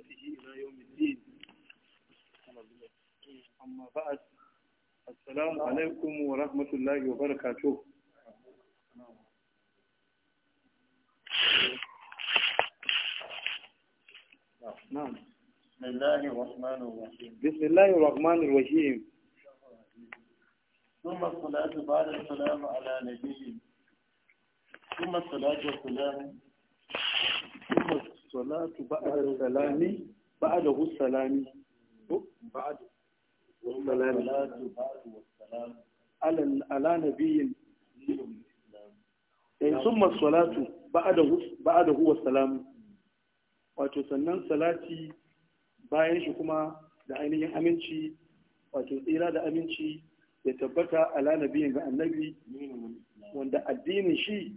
سنته إلى يوم الدين أما بعد السلام عليكم ورحمة الله وبركاته نعم بسم الله الرحمن الرحيم بسم الله الرحمن الرحيم ثم الصلاة بعد السلام على نبيه ثم الصلاة والسلام ثم salatu ba'da salami ba'da salami ba'da salami salatu ba'da salami ala ala islam eh summa salatu ba'da ba'da huwa salami wato sannan salati bayan shi kuma da ainihin aminci wato tsira da aminci ya tabbata ala nabiyin ga annabi wanda addinin shi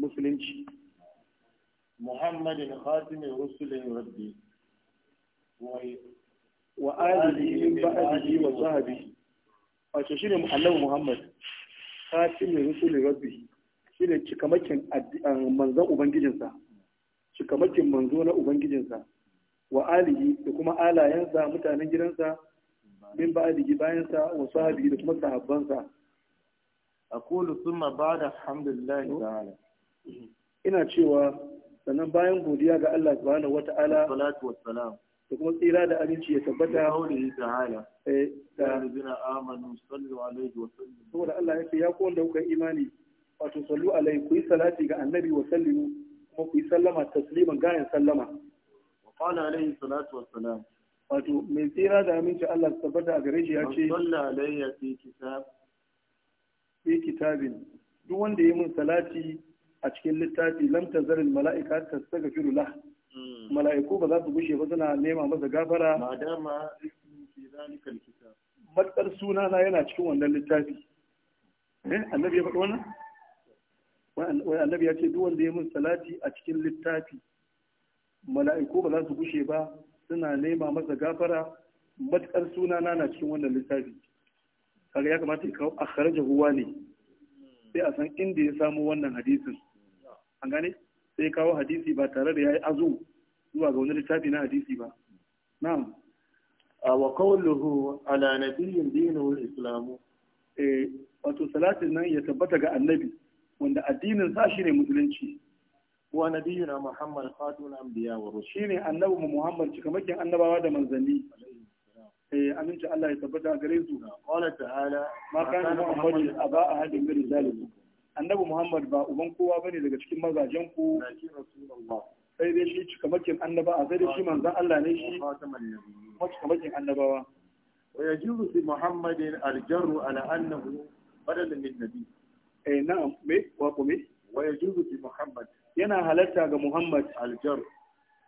musulunci محمد خاتم رسل ربي وآله من بعده وصحبه wato shine annabi Muhammad khatimin rusul rabbi shine cikamakin manzon ubangijinsa cikamakin manzo na ubangijinsa wa alihi da kuma alayensa mutanen gidansa min ba'dihi bayansa wa sahabi da kuma sahabbansa aqulu thumma ba'da alhamdulillah ta'ala ina cewa sannan bayan godiya ga Allah subhanahu wata'ala salatu wassalam da kuma tsira da aminci ya tabbata hauri ta'ala eh da rubina amanu sallu alaihi wa sallam saboda Allah yake ya ko wanda kuka imani wato sallu alaihi ku yi salati ga annabi wa sallimu kuma ku yi sallama tasliman gayan sallama wa qala alaihi salatu wassalam wato mai tsira da aminci Allah tabbata a gare shi ya ce sallu alaihi fi kitab fi kitabin duk wanda ya min salati a cikin littafi lam zarin mala'ika ta tastaghfiru la. Hmm. mala'iku ba za su gushe ba suna nema masa gafara madama fi matsar suna na yana cikin wannan littafi eh annabi ya faɗo wannan wai annabi ya ce duk wanda ya min salati a cikin littafi mala'iku ba za su gushe ba suna nema masa gafara matsar suna na na cikin wannan littafi kaga ya kamata ya kawo ruwa ne. Hmm. sai a san inda ya samu wannan hadisin an gane sai kawo hadisi ba tare da ya yi azu zuwa ga wani littafi na hadisi ba na'am wa qawluhu ala nabiyyin dinu islamu eh wato salatin nan ya tabbata ga annabi wanda addinin sa shine musulunci wa na muhammad khatun anbiya wa rusul shine annabi muhammad cikamakin annabawa da manzanni eh aminci Allah ya tabbata gare su qala ta'ala ma a ba a haɗin min zalimin annabi Muhammad ba uban kowa bane daga cikin mazajen ku sai dai shi cikamakin annaba a sai dai shi manzan Allah ne shi kuma cikamakin annabawa wa yajuzu fi Muhammadin aljarru ala annahu badal min nabi eh na'am me wa ko me wa yajuzu fi Muhammad yana halatta ga Muhammad aljarru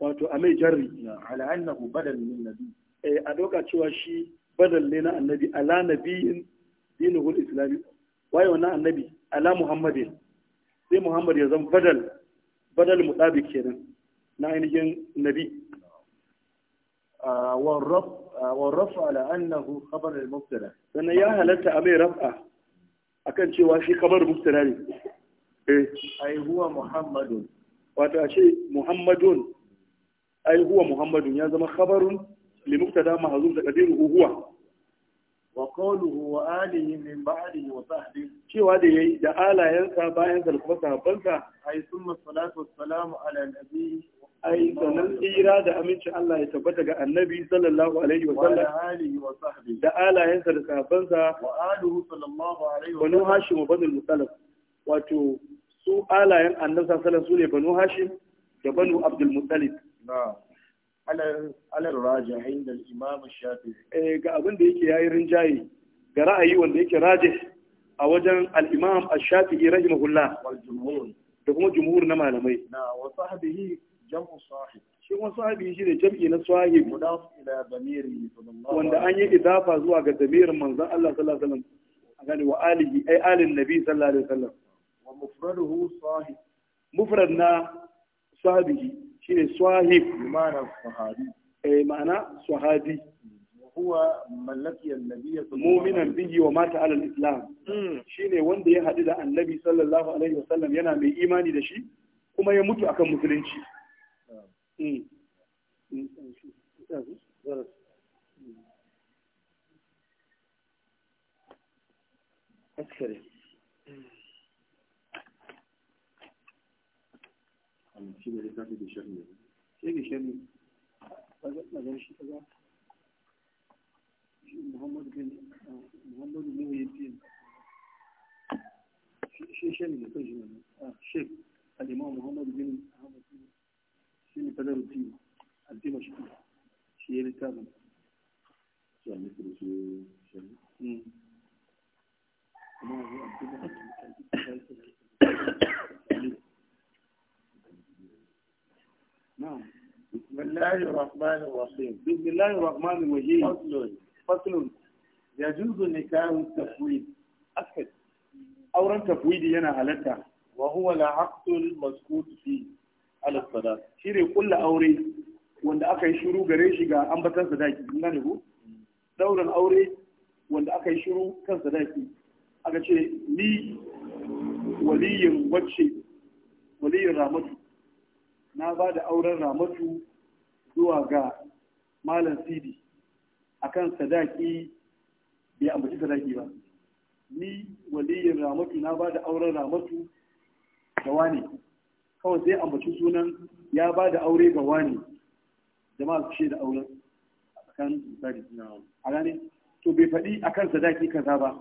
wato a mai jarri ala annahu badal min nabi eh a doka cewa shi badal ne na annabi ala nabiyin dinul islami waye na annabi ala muhammadin sai muhammad ya zan badal badal mutabi kenan na ainihin nabi ah, warrafa ah, ala annahu khabar al-mubtada sannan ya halatta a mai rafa akan cewa shi khabar mubtada ne eh ai huwa muhammadun wato a ce muhammadun ai huwa muhammadun ya zama khabarun li mubtada mahzuf da qadiruhu huwa wa qawluhu wa alihi min ba'dihi wa sahbihi cewa da yayi da alayansa bayan da kuma sahabbansa ay summa salatu wassalamu ala ai sanan tsira da aminci Allah ya tabbata ga annabi sallallahu alaihi da alayansa da sahabbansa wa alihi wa banu musallam wato su alayan annabi sallallahu su ne banu hashim da banu abdul Alal raja inda imam shafi eh ga abin da yake yayi rinjaye ga ra'ayi wanda yake raje a wajen al-imam ash-shafi'i rahimahullah wal jumhur da kuma jumhur na malamai na wa sahbihi jam'u sahib shi kuma sahabi shi ne jam'i na sahib wanda an yi idafa zuwa ga damirin manzon Allah sallallahu alaihi wasallam a gani wa alihi ai alin nabi sallallahu alaihi wasallam wa mufraduhu sahib mufrad na sahabi shine swahib ma'ana sahabi eh ma'ana sahabi huwa mallaki annabi mu'minan bihi wa mata ala al-islam hmm. shine wanda ya hadu da annabi sallallahu alaihi wasallam yana mai imani da shi kuma ya mutu akan musulunci أكثر hmm. shi ne littafi da shari ne sai da shari magana shi ta ga muhammadu bin muhammadu ne ya ce shi shari ne kan shi ne a shek alima muhammadu bin shi ne kadar rufi a tima shi shi ya littafin shi a nufin shi shari kuma a zo a tima shi بسم الله الرحمن الرحيم بسم الله الرحمن الرحيم فصل فصل يجوز نكاح التفويض أكد أورا تفويض ينا هلتا وهو لا عقد المسكوت فيه على الصلاة شيري كل أوري wanda aka yi shiru gare shi ga ambatan sadaki ina ne ko dauran aure wanda aka yi shiru kan sadaki aka ce ni waliyin wacce waliyin ramatu na ba da auren ramatu zuwa ga malam sidi akan sadaki bai ambaci sadaki ba ni waliyin ramatu na ba da auren ramatu ga wani kawai sai ambaci sunan ya ba da aure ga wani jama'a su ce da auren a tsakanin misali a gane to bai faɗi akan sadaki kaza ba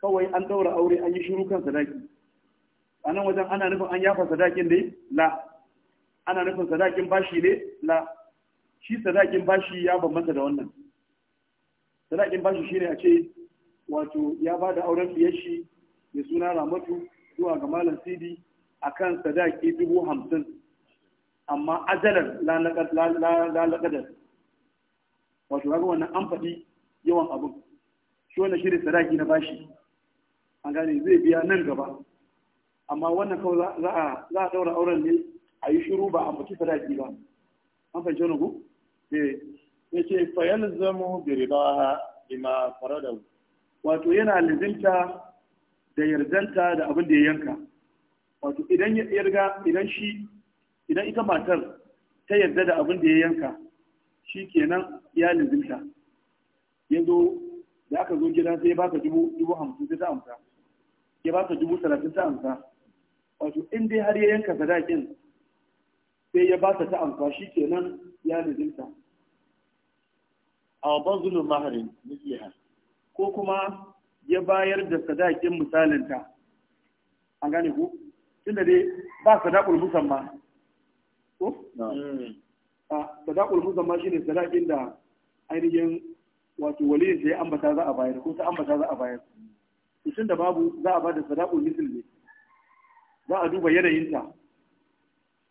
kawai an ɗaura aure an yi shiru kan sadaki a nan wajen ana nufin an yafa sadakin dai la ana nufin sadakin bashi ne la shi sadakin bashi ya bambanta da wannan sadakin bashi shine a ce wato ya ba da auren biyar shi mai suna ramatu zuwa ga malam sidi a kan sadaki dubu hamsin amma ajalar lalakadar wato ga wannan an faɗi yawan abin shi wannan shirin sadaki na bashi an gane zai biya nan gaba amma wannan kawai za a ɗaura auren ne a yi shiru ba a mutu sadaki ba an fahimci wani ku? Eh. ya ce fayal bi ridaha bima farada wato yana lizinta da yardanta da abin da ya yanka wato idan ya yarga idan shi idan ita matar ta yarda da abin da ya yanka shi kenan ya lizinta ya zo da aka zo gidan sai ya baka dubu dubu hamsin sai ta amsa ya baka dubu talatin ta amsa wato in dai har ya yanka sadakin sai ya ba ta ta amfashi kenan ya lizinta a bazulun maharin nasiha ko kuma ya bayar da sadakin misalinta an gane ku tunda dai ba sadakul musamma ko a sadakul shi shine sadakin da ainihin wato waliyin sai ambata za a bayar ko ta ambata za a bayar da babu za a ba da sadakul misal ne za a duba yanayinta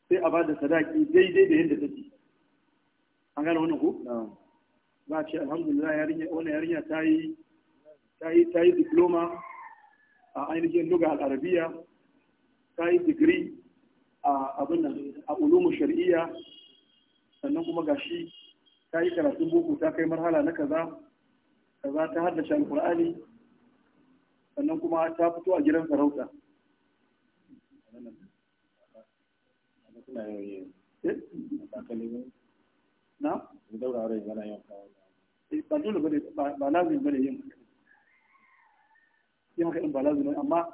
sai a ba da sadaki daidai da yadda take an gane wannan ku? za a ce alhamdulillah yarinya wannan yarinya ta yi ta yi diploma a ainihin luga al'arabiya ta yi digiri a abin nan a ulumu shari'iyya sannan kuma gashi ta yi karatun boko ta kai marhala na kaza kaza ta haddace alqur'ani sannan kuma ta fito a gidan sarauta suna eh, yau yi na daura rai yana yau yin amma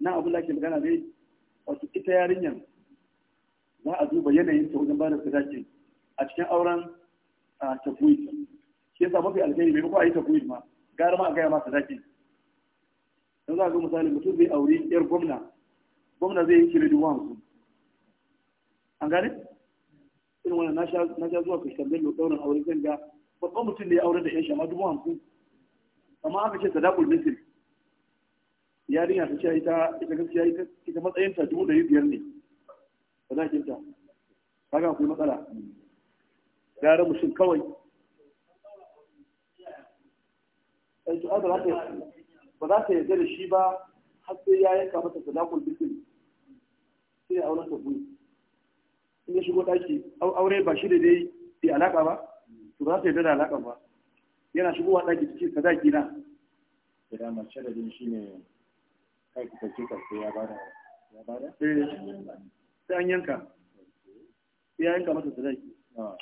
na abin da magana dai wato ita yarinyar za a duba yanayin ta wajen bada sadaki a cikin auren tafwid shi yasa mafi alkhairi bai ko a yi tafwid ma gara ma a gaya ma sadaki don za a ga misali mutum zai aure yar gwamna gwamna zai yi kiri dubu hamsin an gane irin wannan na sha zuwa fuskar bello daurin aure zan ga babban mutum da ya aure da yan shama dubu hamsin amma aka ce sadakul misr yarinya ta ce ita ita gaskiya ita ita dubu ɗari biyar ne sadakin ta ga akwai matsala gara musul kawai ba za ta ba za yarda da shi ba har sai ya yanka mata sadakul misir sai auren ta buyi ya shigo ɗaki aure ba shi da dai bai alaƙa ba to za su yi da alaƙa ba yana shigo shigowa ɗaki cikin sadaki na da mace da din shi ne kai ka ce ka sai ya da ya ba da eh, sai an yanka sai an yanka masa sadaki ah.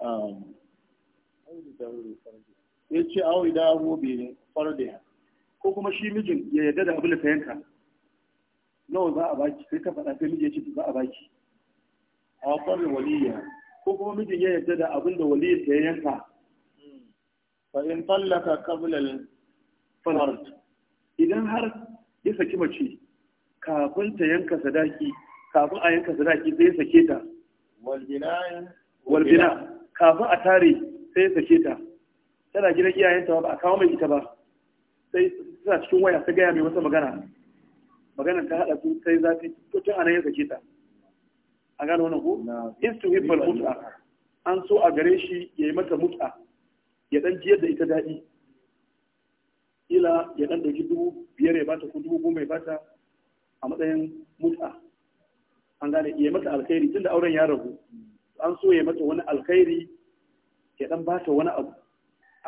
um, ya ce awo idan abu bai fardiya ko kuma shi mijin ya yarda da abin da ka yanka nawa za a baki sai ka faɗa sai miji ya ce za a baki a wasan waliya ko kuma mijin ya yarda da abin da waliya ta yanka fa in tallaka qabla al idan har ya saki mace kafin ta yanka sadaki kafin a yanka sadaki sai ya sake ta walbina kafin a tare sai ya sake ta tana gidan iyayenta ba a kawo mai ita ba sai suna cikin waya ta gaya mai wata magana magana ta hada su sai zafi Ko tun anan ya sake ta a gane wannan ko istuhibbal mut'a an so a gare shi yayi mata mut'a ya dan jiyar da ita dadi ila ya dan dauki dubu biyar ya bata ko dubu goma ya bata a matsayin mut'a an gane yayi mata alkhairi tunda auren ya ragu an so yayi mata wani alkhairi ya dan bata wani abu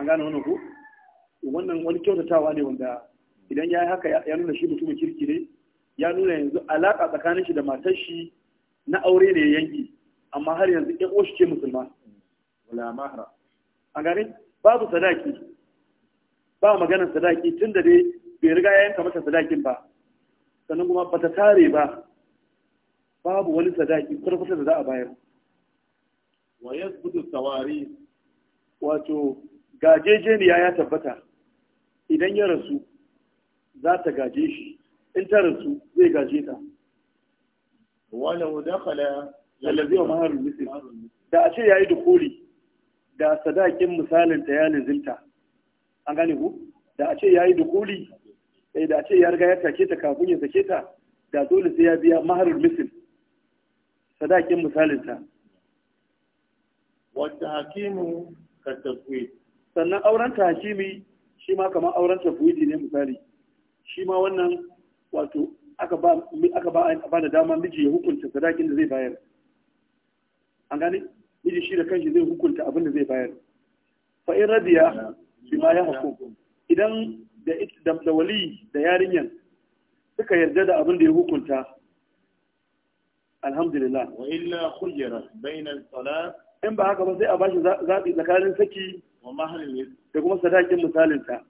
an gane wannan ko wannan wani kyautatawa ne wanda idan ya yi haka ya nuna shi mutumin kirki ne ya nuna yanzu alaƙa tsakanin shi da matar shi na aure ne yanki amma har yanzu ya ƙoshi ce musulma wala mahra a gani babu sadaki ba magana sadaki tun da dai bai riga ya yanka mata sadakin ba sannan kuma bata tare ba babu wani sadaki kurkusa da za a bayar wa yasbutu sawari wato gajejeniya ya tabbata idan ya rasu za ta gaje shi in ta rasu zai gaje ta walau dakhala lallazi wa maharin misir da a ce yayi dukuri da sadakin misalin ta ya lizinta an gane ku da a ce ya yi dukuri sai eh, da a ce ya riga ya take ta kafin ya sake ta da dole sai ya biya maharin misir sadakin misalin ta wata hakimu ka tafi sannan auren ta hakimi shi ma kamar auren tafwidi ne misali shi ma wannan wato aka ba aka ba da dama miji ya hukunta sadakin da zai bayar an gane miji shi da kanshi zai hukunta abin da zai bayar fa in radiya ma ya hukum idan da da wali da yarinyan suka yarda da abin da ya hukunta alhamdulillah wa illa khujira bayna salat in ba haka ba sai a bashi zabi tsakanin saki da kuma sadakin misalinta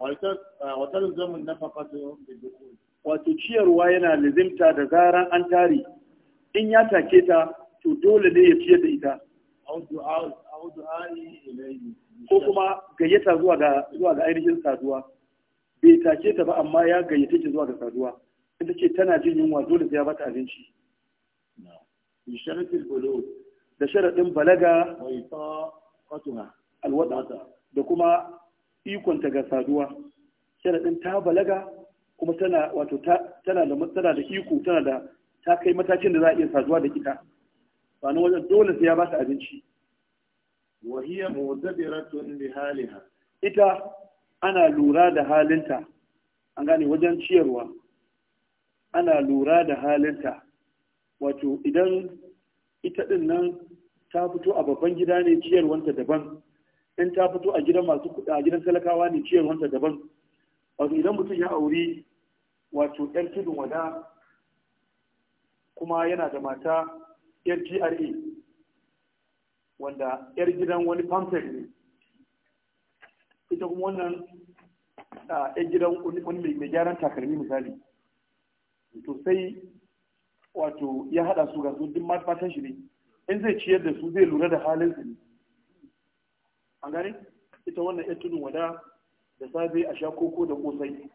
wata zamun na wato ciyarwa yana lizimta da zaran an tare in ya take ta to dole ne ya ciye da ita ko kuma gayyata zuwa ga ainihin saduwa bai take ta ba amma ya gayyata ki zuwa ga saduwa inda ce tana jin yunwa dole sai ya bata abinci da sharaɗin balaga da kuma ikonta ga saduwa sharaɗin ta balaga kuma tana wato tana da matsala. da iko tana da ta kai matakin da za a iya saduwa da ita ba nan wajen dole sai ya ba ta abinci wa hiya mu'tadiratun li haliha ita ana lura da halinta an gane wajen ciyarwa ana lura da halinta wato idan ita din nan ta fito a babban gida ne ciyarwanta daban in ta fito a gidan masu kuɗa a gidan talakawa ne ciyar wanta daban wato idan mutum ya auri wato yar tudun wada kuma yana da mata yar gra wanda yar gidan wani pamphlet ne ita kuma wannan yan gidan wani mai gyaran takalmi misali to sai wato ya haɗa su ga su duk matan shi ne in zai ciyar da su zai lura da halin su ne an gane ita wannan ya tudun wada da safe a sha koko da kosai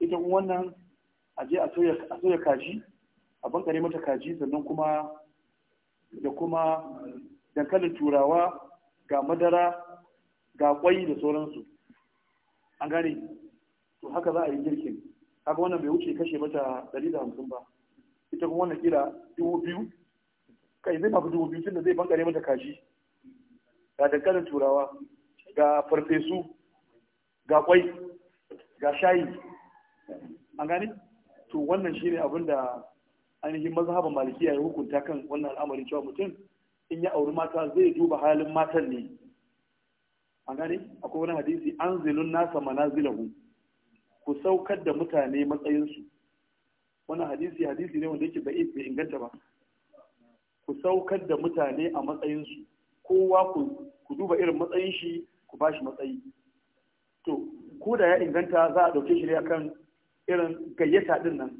ita wannan a je a soya kaji a bankare mata kaji sannan kuma da kuma dankalin turawa ga madara ga kwai da sauransu an gane to haka za a yi girkin haka wannan bai wuce kashe mata 150 ba ita kuma wannan kira 2000 kai zai mafi 2000 tun da zai bankare mata kaji ga dankalin turawa ga farfesu ga kwai ga shayi an gani, to wannan shine abin da ainihin mazhaban malikiya ya hukunta kan wannan al'amarin cewa mutum in ya auri mata zai duba halin matan ne an gani, akwai wani hadisi an zilun nasa manazilahu ku saukar da mutane matsayinsu wannan hadisi hadisi ne wanda yake bai inganta ba ku saukar da mutane a matsayinsu kowa ku duba irin matsayin shi ku ba shi matsayi to ko da ya inganta za a ɗauke shi ne akan irin gayyata ɗin nan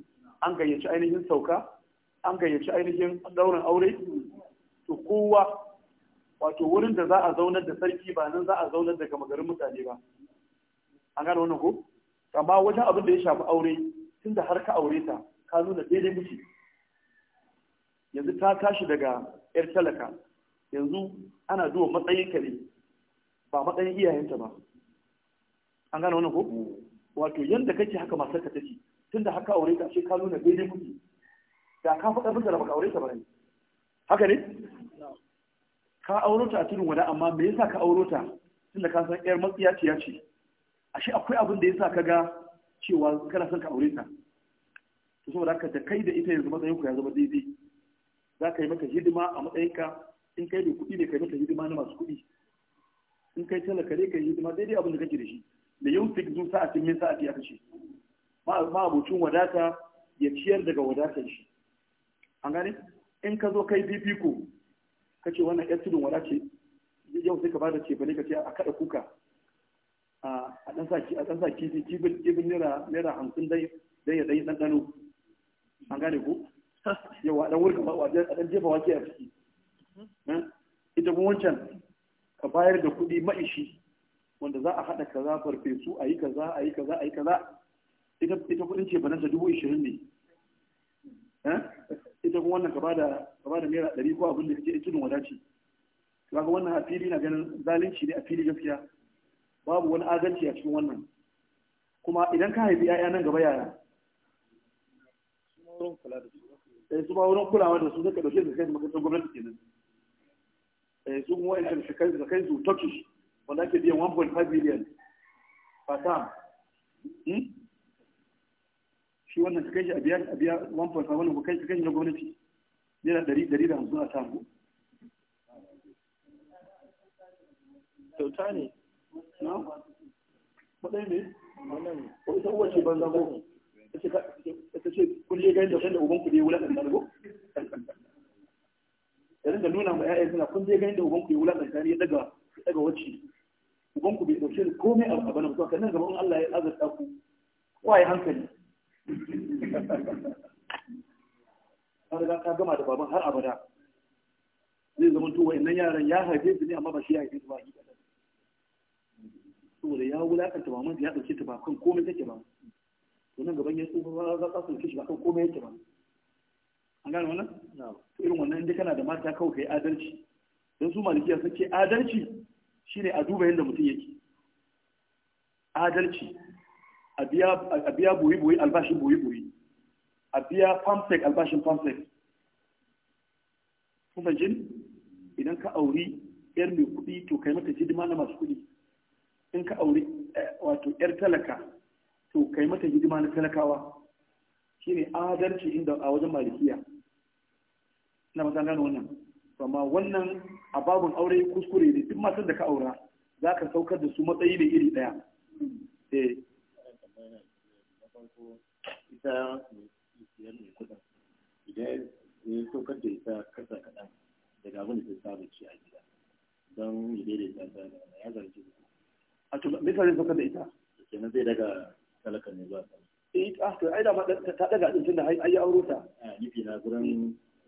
an gayyaci ainihin sauka an gayyaci ainihin ɗaurin aure to kowa wato wurin da za a zaunar da sarki ba nan za a zaunar da gama garin mutane ba an gane wannan ko amma wajen abin da ya shafi aure tun da har ka aure ta ka nuna daidai miki yanzu ta tashi daga yar talaka yanzu ana duba matsayin kare ne ba matsayin iyayenta ba an gane wannan ko wato yanda kake haka ta ka Tun tunda haka aure ka ka nuna daidai kuke da ka faɗa mata da baka aure ta ba ne haka ne ka auro ta a tudun wani amma me yasa ka auro ta tunda ka san yar matsiya ce ya ce ashe akwai abin da yasa ka ga cewa kana son ka aure ta to saboda haka da kai da ita yanzu matsayin ku ya zama daidai za ka yi maka hidima a matsayinka in kai da kuɗi ne kai mata hidima na masu kuɗi in kai talaka kare kai hidima daidai abin da kake da shi da yau fi zu sa'atin min sa'ati ya kashe ma abocin wadata ya ciyar daga wadatar shi an gane in ka zo kai fifiko ka ce wannan yar tudun wada ce yau sai ka bada ce bane ka ce a kada kuka a dan sa ki a dan sa kifi kibin kibin naira naira 50 dai dai ya dai dan dano an gane ko yawa dan wurka ba wajen dan jefa wake a ciki ita kuma wancan ka bayar da kuɗi ma'ishi wanda za a haɗa kaza farfesu a yi kaza a yi kaza a yi kaza ita kuɗin ce bananta dubu ishirin ne eh? ita kuma wannan ka ba da naira ɗari ko abin da kake tudun wadaci kaga wannan a fili na ganin zalunci ne a fili gaskiya babu wani adalci a cikin wannan kuma idan ka haifi 'ya'ya nan gaba yaya sai eh, su ma wurin kulawa da su suka ɗauke su kai makarantar gwamnati kenan Eh, su kuma wa'ancan da kai su turkish wanda ake biyan 1.5 billion fatam shi wannan kai shi a biya 1.5 wannan kai shi na gwamnati yana 150 a tamu kyauta ne na matsayi ne wannan wata uwa ce banza ko ta ce kulle gani da kan da uban ku ne wulaƙanta da nuna ma 'ya'ya suna kun je ganin da ubanku ya wulakanta ne ya daga daga wacce ubanku bai dauke da komai a bana ba kan nan gaba in Allah ya azurta ku waye hankali an riga ka gama da baban har abada zai zama to wayannan yaran ya haife su ne amma ba shi ya haife su ba saboda ya wulakanta maman ya dauke ta ba kan komai take ba to nan gaban ya tsufa ba za su dauke shi ba kan komai yake ba an gane wannan irin wannan inda kana da mata kawai kai adalci don su malikiya sun ce adalci shine a duba yadda mutum yake adalci a biya buyi-buyi albashin buyi-buyi a biya famsek albashin famsek kuma jin idan ka auri yar mai kuɗi to kai mata hidima na masu kuɗi in ka auri eh, wato yar talaka to kai mata hidima na talakawa shine adalci inda a wajen malikiya na mata gano wannan amma wannan a babun aure kuskure ne duk matan da ka aura za ka saukar da su matsayi ne iri ɗaya eh. ita da ita daga da a gida ya da zarce ta a to me da ita kenan zai daga ne ba eh ah, ai da ta daga din tunda ai ta eh, nufi na gurin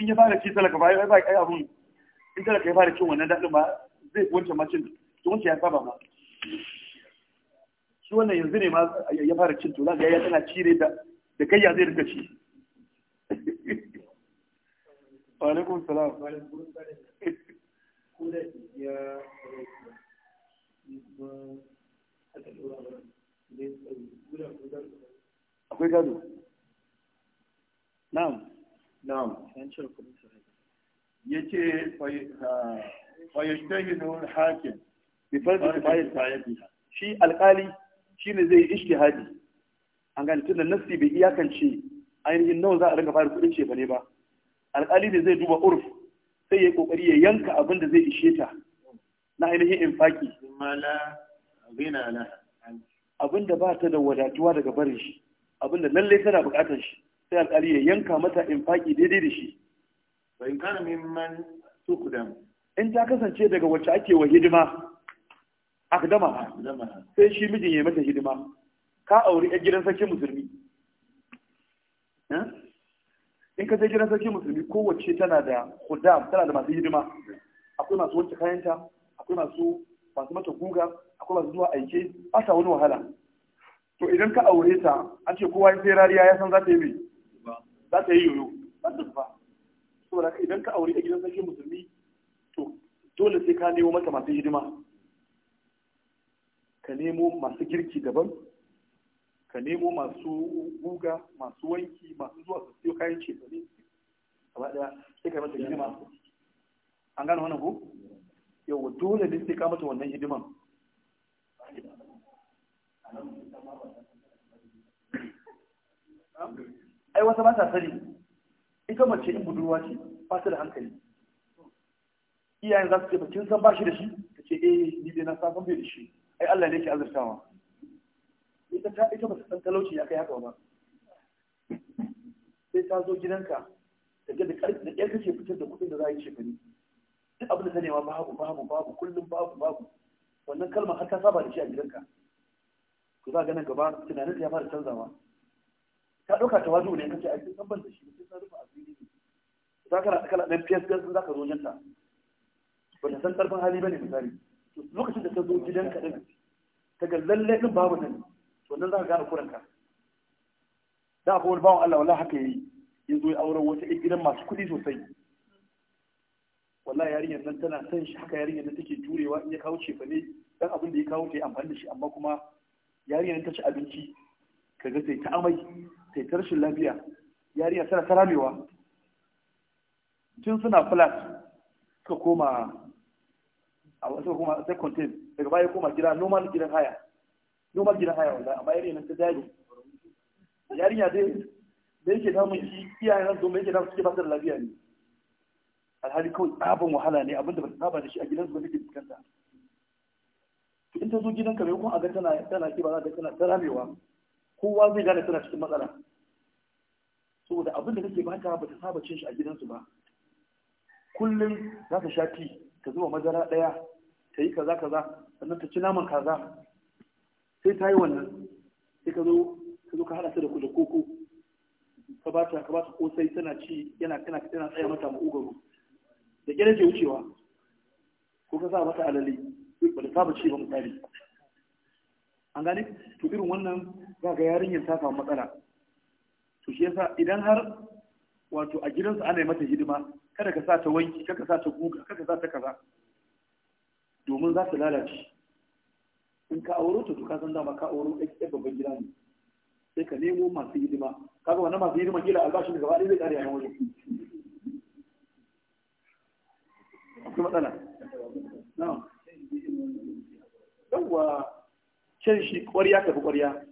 in ya fara ci talaka ba ya ba kai abun in talaka ya fara cin wannan dadin ba zai wance macin to wance ya saba ma shi wannan yanzu ne ma ya fara cin to zaka ya tana cire da da kai ya zai rika ci wa alaikum salam kula ya akwai gado na'am na'am yace fa yajtahidu al-hakim bi fardi kifayati shi alkali ne zai ijtihadi an gani da nassi bai iyakance ainihin nawa za a ringa fara kudin cefa ne ba alkali ne zai duba urf sai ya kokari ya yanka abin da zai ishe ta na ainihin infaki abin da ba ta da wadatuwa daga barin shi abin da lallai tana buƙatar shi sai alƙali ya yanka mata infaki daidai da shi bai kana mimman tukudam in ta kasance daga wacce ake wa hidima akdama sai shi mijin ya mata hidima ka auri a gidan sarki musulmi in ka je gidan sarki musulmi kowace tana da hudam tana da masu hidima akwai masu wanke kayanta akwai masu masu mata guga akwai masu zuwa aike ba sa wani wahala to idan ka aure ta an ce kowa sai rariya ya san za ta yi mai za ta yi yoyo za ta zuba saboda idan ka aure a gidan sarki musulmi to dole sai ka nemo mata masu hidima ka nemo masu girki daban ka nemo masu guga masu wanki masu zuwa su siyo kayan cefane gaba daya sai ka mata hidima an gano wannan ko yau dole ne sai ka mata wannan hidiman ai wata ba ta sani ita mace in budurwa ce ba ta da hankali iyayen za su ce bakin san ba shi da shi ta ce eh ni dai na safon bai da shi ai Allah ne ke azurtawa ita ta ita ba ta san talauci ya kai haka ba sai ta zo gidanka ta ga da ƙarfi da ƙarfi ce fitar da kuɗin da za a yi shekaru duk abin da ta nema babu babu babu kullum babu babu wannan kalmar har ta saba da shi a gidanka to za ganin gaba tunanin ya fara canzawa ka ɗauka ta wazo ne ka ce ai san ban da shi sai san rufe asiri ne za ka kana dan fiyas gan sun ka zo jinta ba ta san karfin hali bane misali lokacin da ta zo gidan ka din ta ga lalle din babu nan to nan za ka gane kuran ka da akwai wani bawan Allah wallahi haka yayi ya zo ya auren wata gidan masu kuɗi sosai wallahi yarinyar nan tana son shi haka yarinyar nan take jurewa in ya kawo cefane, ne dan abin da ya kawo ta amfani da shi amma kuma yari ta ci abinci kaga sai ta amai sai ta rashin lafiya yari tana ta ramewa tun suna flat suka koma a wasu kuma sai contain daga baya koma gida normal gidan haya normal gidan haya wanda amma yariya ta dage yarinya dai da yake damun shi iyayen nan domin yake damun suke ba da lafiya ne alhali kawai tsabin wahala ne abinda ba ta saba da shi a gidansu ba take fuskanta in ta zo gidanka mai kuma a ga tana tana ba za ta tana ta ramewa kowa zai gane tana cikin matsala saboda abin da kake bata ba ta saba cin shi a gidansu ba kullum za ta sha ki ta zuba madara ɗaya ta yi kaza kaza sannan ta ci naman kaza sai ta yi wannan sai ka zo ka zo ka haɗa ta da da koko ka ba ta ka ba ta kosai tana ci yana tana tana tsaya mata ma ugaru da gida ke wucewa ko ka sa mata alale ba da saba ci ba misali an gane to irin wannan za ga yarinyar ta samu matsala to shi yasa idan har wato a gidansu ana yi mata hidima kada ka sa ta wanki kada ka sa ta guga kada ka sa ta kaza domin za ta lalace in ka auro ta to ka san dama ka auro ɗan babban gida ne sai ka nemo masu hidima kaga wannan masu hidima kila albashin da gaba ɗaya zai ƙare a nan wajen akwai matsala na'am yawwa can shi ƙwarya tafi ƙwarya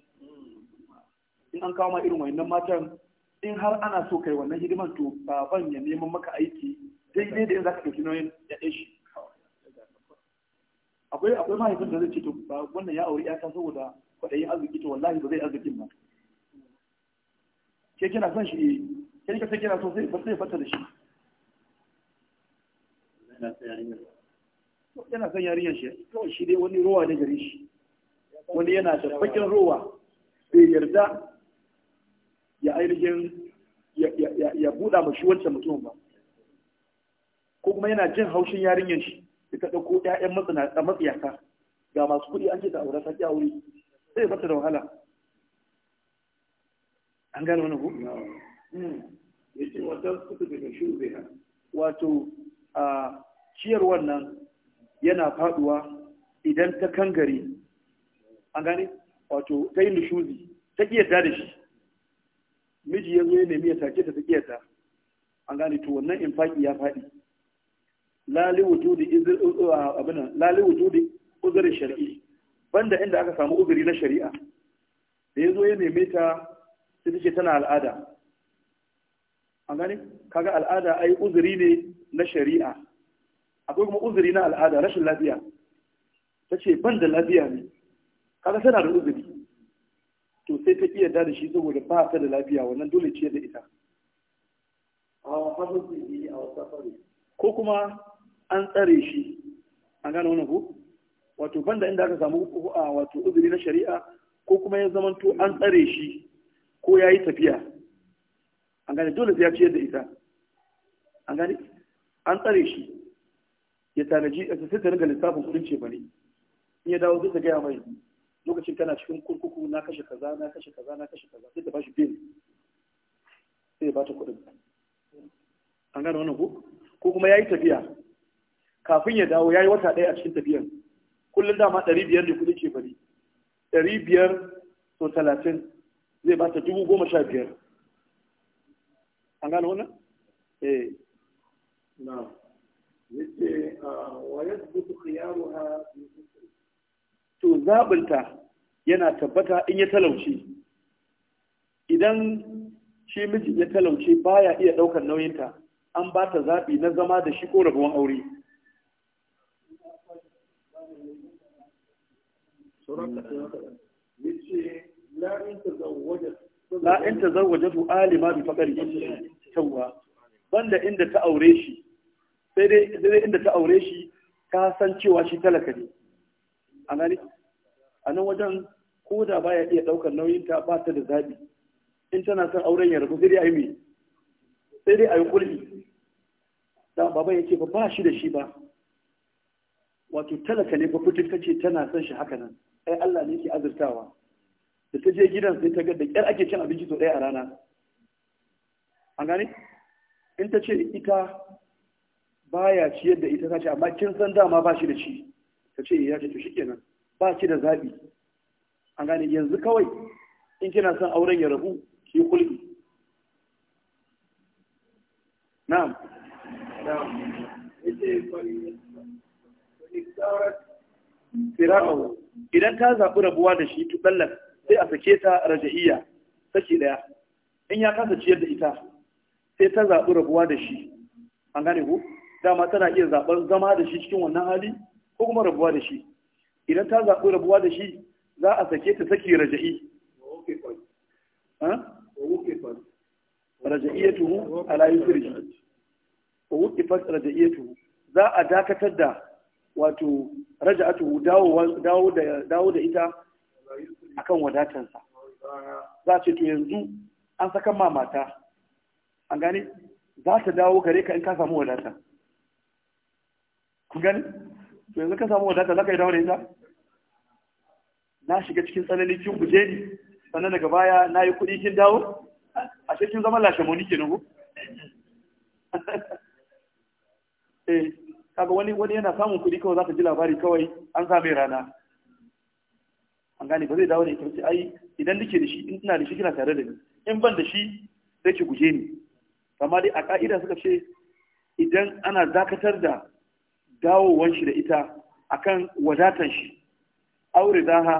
in an kawo ma irin wannan matan in har ana so kai wannan hidiman to baban ya neman maka aiki daidai da in za ka tafi nauyin ya ɗaya shi akwai akwai mahaifin da zai ce to ba wannan ya auri ta saboda kwaɗayin arziki to wallahi ba zai arzikin ba ke kina son shi eh kai ka sai kina so sai ba sai fata da shi yana son yarinyar shi kawai shi dai wani rowa da gare shi wani yana da bakin rowa bai yarda ya ainihin ya buɗa ma shi wancan mutum ba ko kuma yana jin haushin yarinyar shi da ta ɗauko ƴaƴan matsiyaka ga masu kuɗi an ce ta aure ta aure sai bata da wahala an gane wani hu? Hmm. ya ce wata suka daga shuru wato a ciyar wannan yana faduwa idan ta kangare an gane wato ta yi nishuzi ta kiyarta da shi miji ya zo ya nemi ya sake ta ta kiyarta an gane to wannan infaki ya faɗi lali wujudi izir abin lali wujudi uzurin shari'i banda inda aka samu uzuri na shari'a da ya zo ya neme ta sai ta ce tana al'ada an gane kaga al'ada ai uzuri ne na shari'a akwai kuma uzuri na al'ada rashin lafiya ta ce ban da lafiya ne kaga tana da uzuri to sai ta iya da shi saboda ba ta da lafiya wannan dole ce da ita ko kuma an tsare shi an gane wannan ku wato banda inda aka samu a wato uzuri na shari'a ko kuma ya zama to an tsare shi ko ya yi tafiya an gane dole sai ya ciyar da ita an gane an tsare shi ya tanaji sai ta riga lissafin kudin ce bane in ya dawo zai ta gaya mai lokacin kana cikin kurkuku na kashe kaza na kashe kaza na kashe kaza sai ta bashi bin sai ya bata kudin an gane wannan ko ko kuma yayi tafiya kafin ya dawo yayi wata ɗaya a cikin tafiyan kullum dama ɗari biyar ne kudin ce bane ɗari biyar ko talatin zai bata dubu goma sha biyar an gane wannan eh na Ah, to ta zabinta yana tabbata in ya talauce idan shi miji ya talauce baya iya ɗaukar nauyinta an ba ta zaɓi na zama da shi ko rabuwan aure ta in tazawwajatu alima bi faqrihi tawwa banda inda ta aure shi sai dai inda ta aure shi ka san cewa shi talaka ne a gani a nan wajen ko da baya iya ɗaukar nauyin ta ba ta da zabi in tana son auren ya rabu sai dai a yi mai sai dai a yi kulli da baba ya ce ba shi da shi ba wato talaka ne ba fitin ce tana son shi haka nan ai Allah ne ke azurtawa da ta je gidan sai ta ga da kyar ake cin abinci sau ɗaya a rana an gane in ta ce ita baya ciyar da ita sace amma kin san dama ba shi da shi ta ce eh, ya ce to shi kenan ba ki da zabi an gane yanzu kawai in kina son auren ya rabu ki kulki na'am idan ta zaɓi rabuwa da shi to sai a sake ta rajahiyya saki ɗaya, in ya kasa ciyar da ita sai ta zaɓi rabuwa da shi an gane ku dama tana iya zaɓar zama da shi cikin wannan hali ko kuma rabuwa da shi idan ta zaɓi rabuwa da shi za a sake ta saki raja'i raja'iyatuhu ala yusri raja'i ya raja'iyatuhu za a dakatar da wato raja'atuhu dawo dawo da dawo da ita akan wadatansa za a ce to yanzu an saka mamata, an gane za ta dawo gare ka in ka samu wadata ku gani to yanzu ka samu wadata zaka yi daure da ita na shiga cikin tsananin kin buje ni sannan daga baya na yi kuɗi kin dawo a cikin zama lashe muni kenan ku eh kaga wani wani yana samun kuɗi kawai zaka ji labari kawai an sa mai rana an gane ba zai dawo da ita sai ai idan nake da shi in ina da shi kina tare da ni in ban da shi sai ki guje ni amma dai a ka'ida suka ce idan ana dakatar da dawowar shi da ita akan wadatan shi aure ha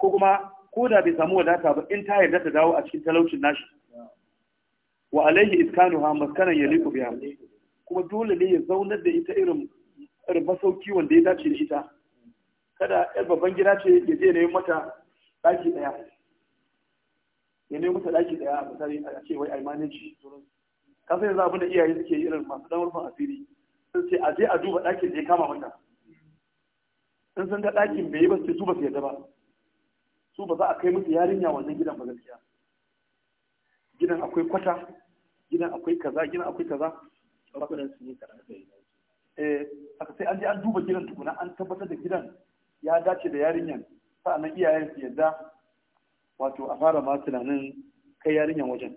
ko kuma ko da bai samu wadata ba in ta yarda ta dawo a cikin talaucin nashi wa alaihi ha maskanan yaliqu biya kuma dole ne ya zaunar da ita irin irin masauki wanda ya dace da ita kada yar babban gida ce ya je neman mata daki daya ya nemi mata daki daya a misali a ce wai ai shi ka yanzu abinda da iyaye suke irin masu dan rufin asiri sun ce je a duba ɗakin da ya kama mata in sun ga ɗakin bai yi ba su ba su yadda ba su ba za a kai musu yarinya wannan gidan ba gaskiya gidan akwai kwata gidan akwai kaza gidan akwai kaza eh aka sai an je an duba gidan tukuna an tabbatar da gidan ya dace da yarinyan sa'annan iyayen su yadda wato a fara ma tunanin kai yarinyan wajen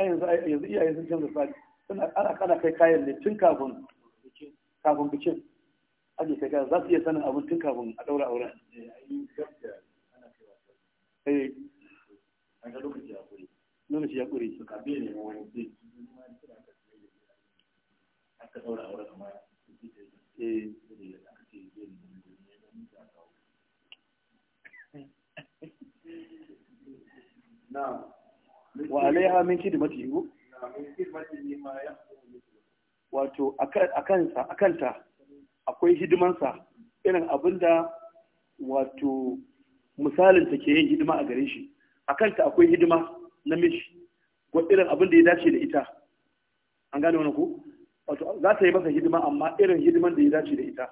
a yanzu a yanzu iyaye sun canza tsari suna ana kana kai kayan ne tun kafin kafin bikin ake kai kayan za su iya sanin abin tun kafin a daura auren eh lokaci ya kure eh Now, wa alaiha min khidmati hu wato a kanta akwai hidimansa irin abin da wato misalin ta ke yin hidima a gare shi a kanta akwai hidima na mishi ko irin abin da ya dace da ita an gane wani ku wato za ta yi masa hidima amma irin hidiman da ya dace da ita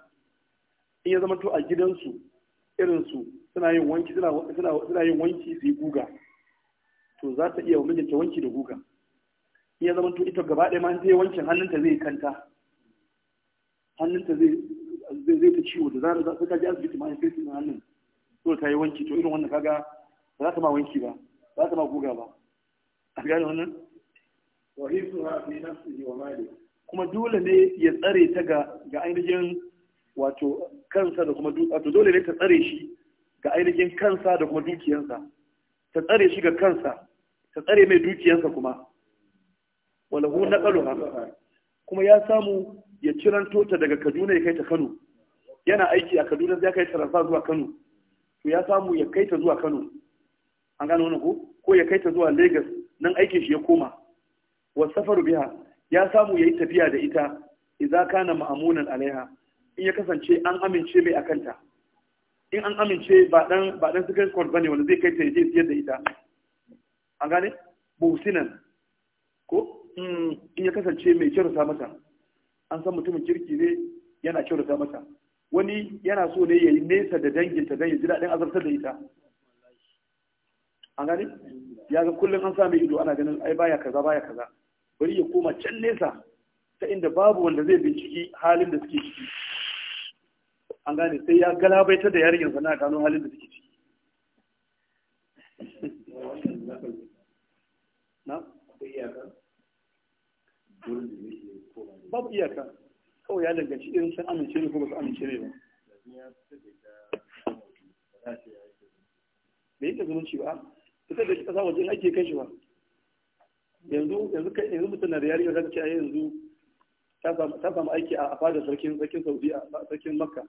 in ya zama to a gidansu irinsu suna yin wanki suna yin wanki su yi guga to za ta iya wa mijinta wanki da guga iya zama to ita gaba ɗaya ma zai wankin hannunta zai kanta hannunta zai zai ta ciwo da zarar za ta je asibiti ma sai su hannun to ta yi wanki to irin wannan kaga ba za ta ma wanki ba ba za ta ma guga ba a gane wannan wa hisuha fi nafsihi wa mali kuma dole ne ya tsare ta ga ga ainihin wato kansa da kuma wato dole ne ta tsare shi ga ainihin kansa da kuma dukiyarsa ta tsare shi ga kansa ka tsare mai dukiyarsa kuma walahu naqaluha kuma ya samu ya ciranto ta daga Kaduna ya kai ta Kano yana aiki a Kaduna zai kai transfer zuwa Kano to ya samu ya kai ta zuwa Kano an gano wannan ko ko ya kai ta zuwa Lagos nan aikin shi ya koma wa safaru biha ya samu yayi tafiya da ita idza kana ma'amunan alaiha in ya kasance an amince mai akanta in an amince ba dan ba dan secret court wanda zai kai ta je siyar da ita an gane musinan ko in ya kasance mai kyautata masa an san mutumin kirki ne yana kyautata masa wani yana so ne ya yi nesa da danginta don ya ji daɗin azabtar da ita an gane ya ga kullum an sami ido ana ganin ai baya kaza baya kaza bari ya koma can nesa ta inda babu wanda zai binciki halin da suke ciki an gane sai ya galabaitar da yarinyar sana gano halin da suke ciki na babu iyaka kawai ya danganci irin sun amince ne ko ba su amince ne ba bai yake zumunci ba ita da kasa wajen ake kai shi ba yanzu yanzu kai yanzu mutum na da yari ga ce yanzu ta samu aiki a fadar sarkin sarkin Saudi a sarkin Makka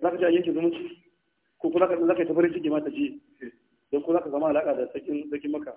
zaka a yanke zumunci ko kuma ka zaka ta farin ciki ma ta ji eh. don ko ka zama alaka da sarkin sarkin Makka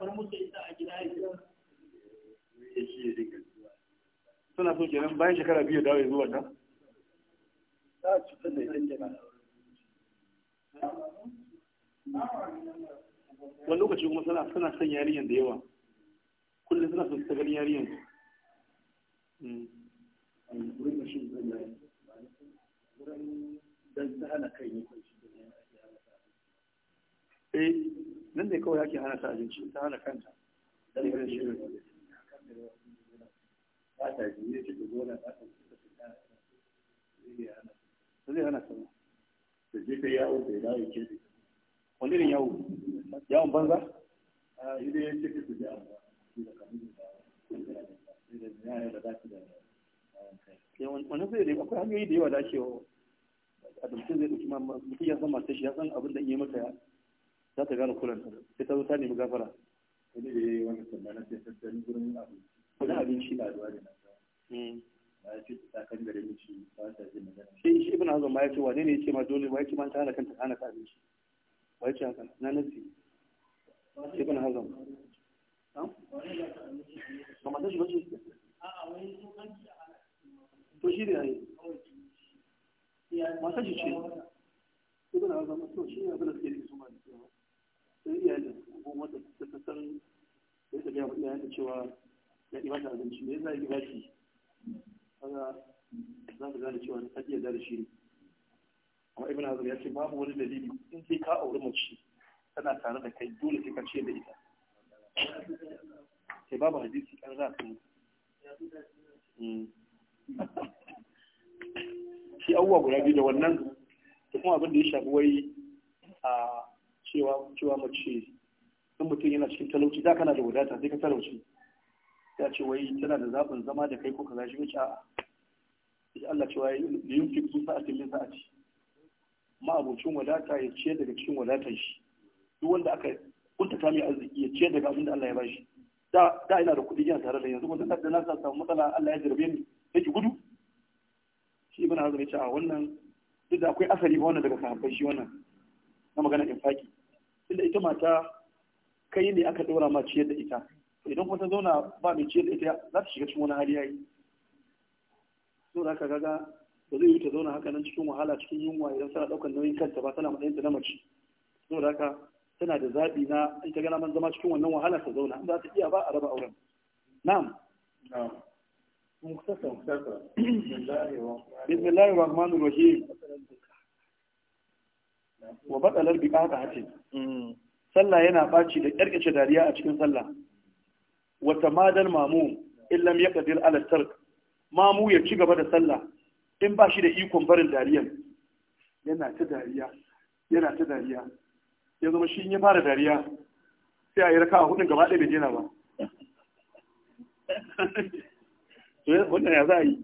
bar musu ita a gida ya suna so kenan bayan shekara biyu dawo zuwa ta za a cutar da wani lokaci kuma suna suna son yarinyar da yawa kullum suna son ta ganin yarinyar don nan da kawai ake hana ta abinci ta hana kanta ba zai hana da je yawo da ya dawo ke eh, wani yawon banza idan ya da wani zai da akwai hanyoyi da yawa da ake wa a mutum zai ɗauki mutum ya san masu shi ya san abin da iya mata za ta gane kulanta. sai ta zuta ta nemi gafara wani da ya yi wani sai sassan gurin abinci wani abinci da da nan ya ce ta kan gare ba ta magana shi shi ibn azum ma ya ce wane ne ya ma dole ya ta hana kanta hana ka abinci ce haka na nasi ibn ba shi ba to shi ne ce ibn to shi ne abin suke su ma sai iyalin ko mata ta san sai ta gaya wa iyalin cewa ya ɗi mata abinci me yasa ya ba ki kaga za ka gane cewa ta iya da shi amma ibn azar ya ce babu wani dalili in sai ka auri mace tana tare da kai dole sai ka ce da ita sai babu hadisi kan za ka shi abubuwa guda biyu da wannan da kuma abin da ya shafi wai a ah, cewa cewa mace in mutum yana cikin talauci da kana da wadata sai ka talauci ya ce wai tana da zaɓin zama da kai ko ka zashi wuce a Allah cewa da yin fi sun sa'atin min sa'ati abokin wadata ya ce daga cikin wadatar shi duk wanda aka kuntata mai arziki ya ce daga abin da Allah ya bashi da ina da kuɗi yana tare da yanzu ko da na samu matsala Allah ya jarbe ni yake gudu shi ibn hazm ya ce a wannan duk da akwai asali ba wannan daga sahabbai shi wannan na magana infaki inda ita mata kai ne aka ɗora ma ciyar da ita idan kuma ta zauna ba mai ciyar da ita za ta shiga cikin wani hali yayi so da kaga ba zai yi ta zauna haka nan cikin wahala cikin yunwa idan tana daukar nauyin kanta ba tana matsayin ta na mace so da tana da zaɓi na in ta gana man zama cikin wannan wahala ta zauna in za ta iya ba a raba auren na'am na'am مختصر بسم الله الرحمن الرحيم wa batsalar biƙaƙa hatin mm. sallah yana ɓaci da ƙyarƙace dariya a cikin sallah wata madal mamu illam ya ƙadir alastar mamu ya ci gaba da sallah in ba shi da ikon barin dariyan yana ta dariya yana ta dariya ya zama shi ya fara dariya sai a yi raka a hudun gaba ɗaya bai jena ba wannan ya za a yi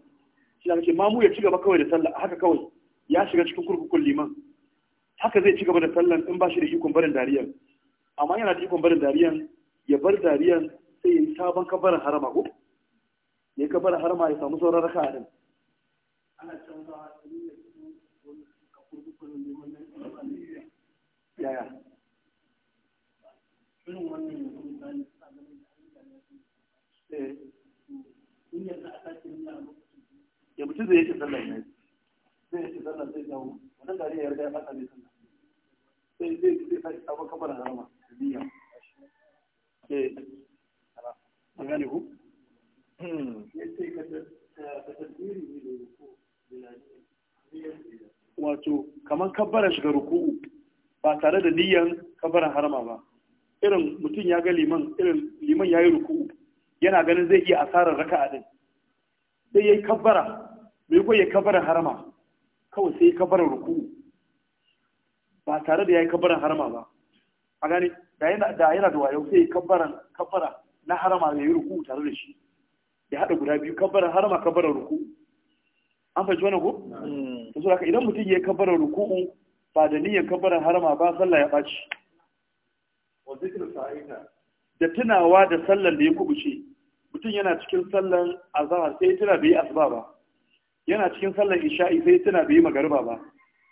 shi da mamu ya ci gaba kawai da sallah haka kawai ya shiga cikin kurkukun liman haka zai ci gaba da sallan in ba shi da ikon barin dariyan amma yana da ikon barin dariyan ya bar dariyan sai ya yi sabon kabarin harama ko ya kabarin harama ya samu sauran raka a nan yaya irin wannan misali eh. a game da ya mutum zai yake sallar ne zai yake sallar zai yawo. sai zai zai abu eh. wato kamar kabbara shiga ruku'u ba tare da niyyan kabbaran harama ba irin mutum ya ga liman irin liman yayi ruku'u yana ganin zai iya asarar raka'a din sai yayi kabbara bai ko yayi kabbaran harama kawai sai kabarin ruku ba tare da ya yi kabarin harama ba a gani da yana da wayo sai kabarin kabara na harama ya yi ruku tare da shi ya haɗa guda biyu kabarin harama kabarin ruku an fahimci wani ko? Hmm. da su idan mutum ya yi kabarin ruku ba da niyan kabarin harama ba sallah ya ɓaci da tunawa da sallar da ya kubuce mutum yana cikin sallar azahar sai tuna bai yi asuba ba yana cikin sallar isha'i sai tana bai magariba ba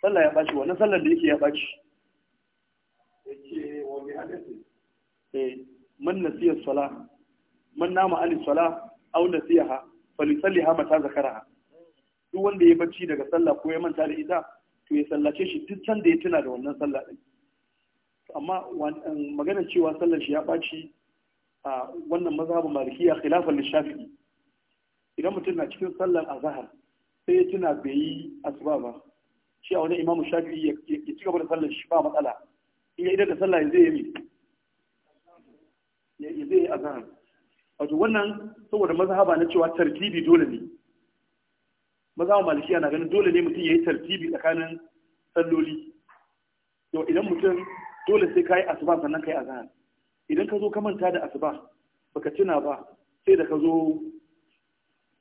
sallah ya ɓaci wannan sallar da yake ya ɓaci eh, man nasiya sala man nama ali sala au nasiyaha falisalliha mata zakaraha duk wanda ya bacci daga sallah ko ya manta da ita to ya sallace shi duk can da ya tuna da wannan sallah din amma um, magana cewa sallar shi ya ɓaci a wannan mazhabin malikiya khilafan Lishafi, idan mutum na cikin sallar azhar sai tuna bai yi asuba ba shi a wani imamu shafi'i ya ci gaba da sallar shi ba matsala in ya idar da sallah ya zai yi ya zai yi azhar wato wannan saboda mazhaba na cewa tartibi dole ne mazhaba malikiya na ganin dole ne mutum ya yi tartibi tsakanin salloli to idan mutum dole sai kayi asuba sannan kai azan idan ka zo ka manta da asuba baka tuna ba sai da ka zo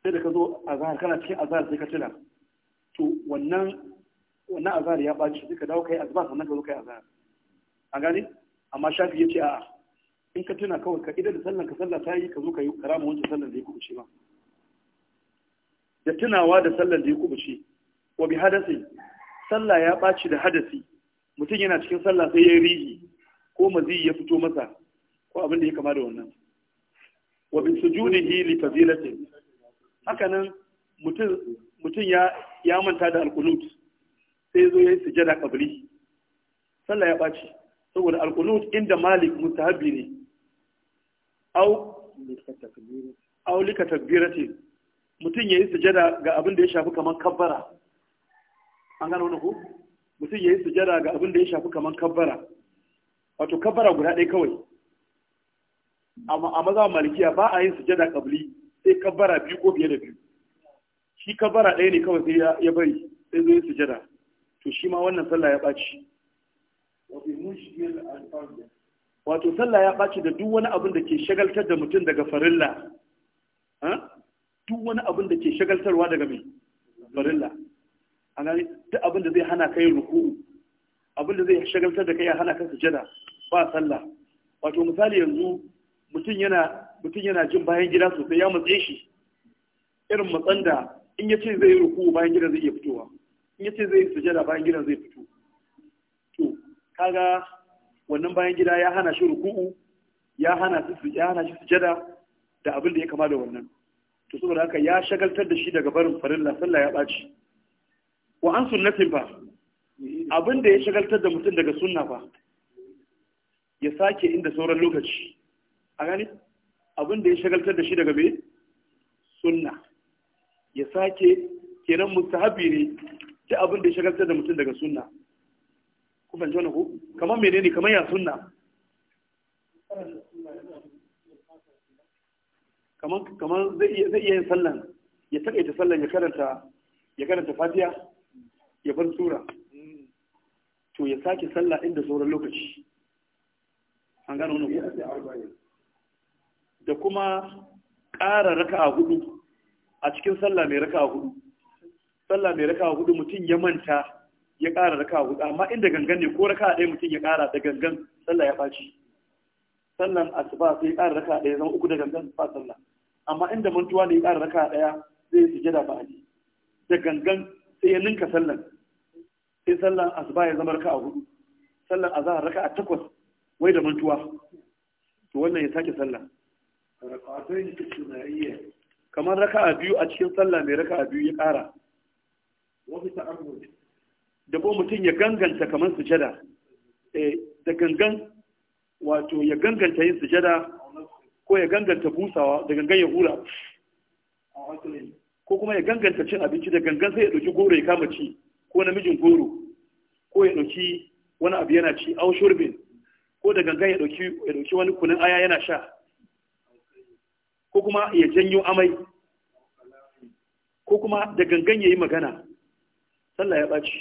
sai da ka zo zahar kana cikin azhar sai ka tuna to wannan wannan azhar ya ɓaci sai ka dawo kai azhar sannan ka zo kai azhar a gane amma shafi ya ce a'a in ka tuna kawai ka idan da sallan ka sallah ta yi ka zo ka yi karama wancan sallan da ya kubuce ba. da tunawa da sallan da ya kubuce wa bi hadasi sallah ya ɓaci da hadasi mutum yana cikin sallah sai ya yi rihi ko mazi ya fito masa ko abin da ya kama da wannan wa bi sujudihi li fadilatin hakanan mutum ya manta da alkunut sai zo ya yi sujada kabri sallah ya ɓaci saboda alkunut inda malik mustahabi ne au lika takbirati mutum ya yi sujada ga abin da ya shafi kamar kabbara an gano wani ku mutum ya yi sujada ga abin da ya shafi kamar kabbara wato kabbara guda ɗaya kawai amma a maza malikiya ba a yin sujada kabri sai kabbara biyu ko biyu da biyu shi kabbara ɗaya ne kawai sai ya bari sai zai sujada to shi ma wannan sallah ya ɓaci wato sallah ya ɓaci da duk wani abin da ke shagaltar da mutum daga farilla duk wani abin da ke shagaltarwa daga mai farilla a gani duk abin da zai hana kai ruku abin da zai shagaltar da kai ya hana ka sujada ba sallah wato misali yanzu mutum yana jin bayan gida sosai ya matse shi irin matsan da in ya ce zai yi ruku bayan gidan zai iya fitowa in ya ce zai yi sujada bayan gidan zai fito to kaga wannan bayan gida ya hana shi ruku'u ya hana shi ya hana shi sujada da abin da ya kama da wannan to saboda haka ya shagaltar da shi daga barin farilla sallah ya baci wa an sunnatin ba abin da ya shagaltar da mutum daga sunna ba ya sake inda sauran lokaci a gani abin da ya shagaltar da shi daga me sunna ya sake kenan mustahabi ne ta abin da ya shagaltar da mutum daga sunna ku fahimci wannan ko kamar menene kamar ya sunna kamar kamar zai iya zai iya yin sallan ya takaita sallan ya karanta ya karanta fatiha ya bar sura to ya sake sallah inda sauran lokaci an gano wani da kuma ƙara raka a hudu a cikin sallah mai raka a hudu sallah mai raka a hudu mutum ya manta ya ƙara raka a hudu amma inda gangan ne ko a ɗaya mutum ya ƙara da gangan sallah ya ɓaci sallan asuba sai ya ƙara a ɗaya zama uku da gangan ba sallah amma inda mantuwa ne ya ƙara a ɗaya zai yi sujada ba aji da gangan sai ya ninka sallan sai sallan asuba ya zama raka a hudu sallan azahar a takwas wai da mantuwa to wannan ya sake sallah kamar raka a biyu a cikin sallah mai raka a biyu ya ƙara da ko mutum ya ganganta kamar sujada eh, da gangan wato ya ganganta yin sujada ko ya ganganta busawa da gangan ya hura ko kuma ya ganganta cin abinci da gangan sai ya ɗauki goro ya kama ci ko namijin goro ko ya ɗauki wani abu yana ci aushurbin ko da gangan ya ɗauki wani kunin aya yana sha ko kuma ya janyo amai ko kuma da gangan ya yi magana sallah ya ɓaci